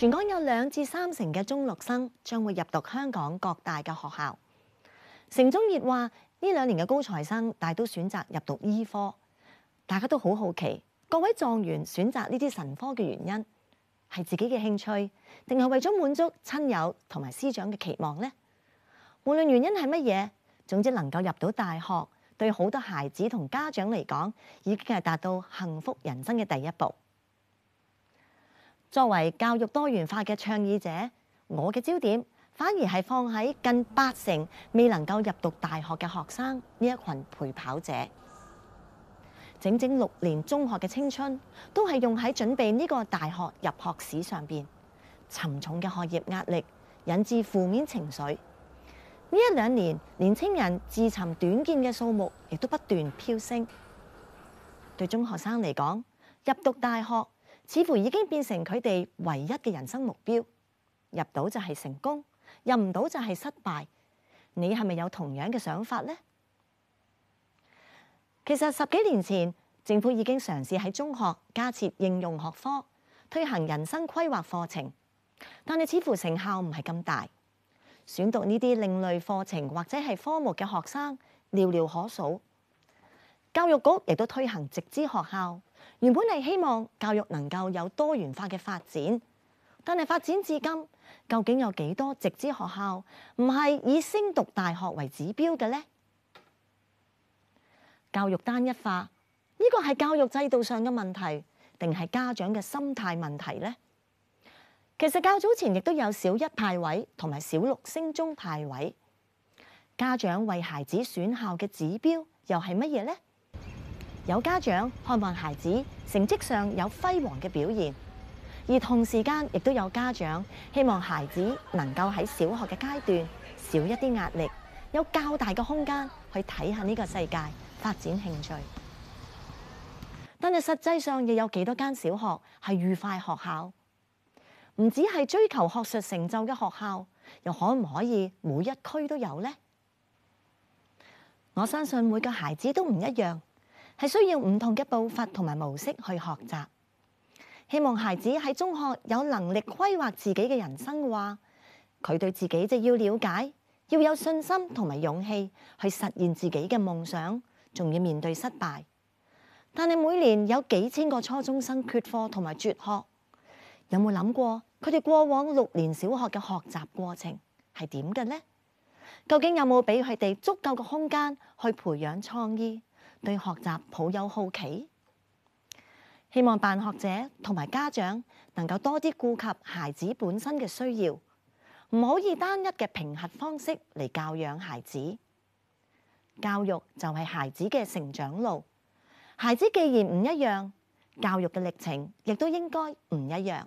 全港有兩至三成嘅中六生將會入讀香港各大嘅學校。城中熱話呢兩年嘅高材生大都選擇入讀醫科，大家都好好奇各位狀元選擇呢啲神科嘅原因係自己嘅興趣，定係為咗滿足親友同埋師長嘅期望呢？無論原因係乜嘢，總之能夠入到大學，對好多孩子同家長嚟講已經係達到幸福人生嘅第一步。作為教育多元化嘅倡議者，我嘅焦點反而係放喺近八成未能夠入讀大學嘅學生呢一群陪跑者。整整六年中學嘅青春，都係用喺準備呢個大學入學試上面。沉重嘅學業壓力，引致負面情緒。呢一兩年，年青人自尋短見嘅數目亦都不斷飆升。對中學生嚟講，入讀大學，似乎已經變成佢哋唯一嘅人生目標，入到就係成功，入唔到就係失敗。你係咪有同樣嘅想法呢？其實十幾年前，政府已經嘗試喺中學加設應用學科，推行人生規劃課程，但係似乎成效唔係咁大。選讀呢啲另類課程或者係科目嘅學生寥寥可數。教育局亦都推行直資學校，原本係希望教育能夠有多元化嘅發展，但係發展至今，究竟有幾多直資學校唔係以升讀大學為指標嘅呢？教育單一化，呢個係教育制度上嘅問題，定係家長嘅心態問題呢？其實較早前亦都有小一派位同埋小六升中派位，家長為孩子選校嘅指標又係乜嘢呢？有家長盼望孩子成績上有輝煌嘅表現，而同時間亦都有家長希望孩子能夠喺小學嘅階段少一啲壓力，有較大嘅空間去睇下呢個世界，發展興趣。但係實際上又有幾多間小學係愉快學校？唔止係追求學術成就嘅學校，又可唔可以每一區都有呢？我相信每個孩子都唔一樣。係需要唔同嘅步伐同埋模式去學習。希望孩子喺中學有能力規劃自己嘅人生嘅話，佢對自己就要了解，要有信心同埋勇氣去實現自己嘅夢想，仲要面對失敗。但係每年有幾千個初中生缺課同埋輟學，有冇諗過佢哋過往六年小學嘅學習過程係點嘅呢？究竟有冇俾佢哋足夠嘅空間去培養創意？對學習抱有好奇，希望辦學者同埋家長能夠多啲顧及孩子本身嘅需要，唔好以單一嘅評核方式嚟教養孩子。教育就係孩子嘅成長路，孩子既然唔一樣，教育嘅歷程亦都應該唔一樣。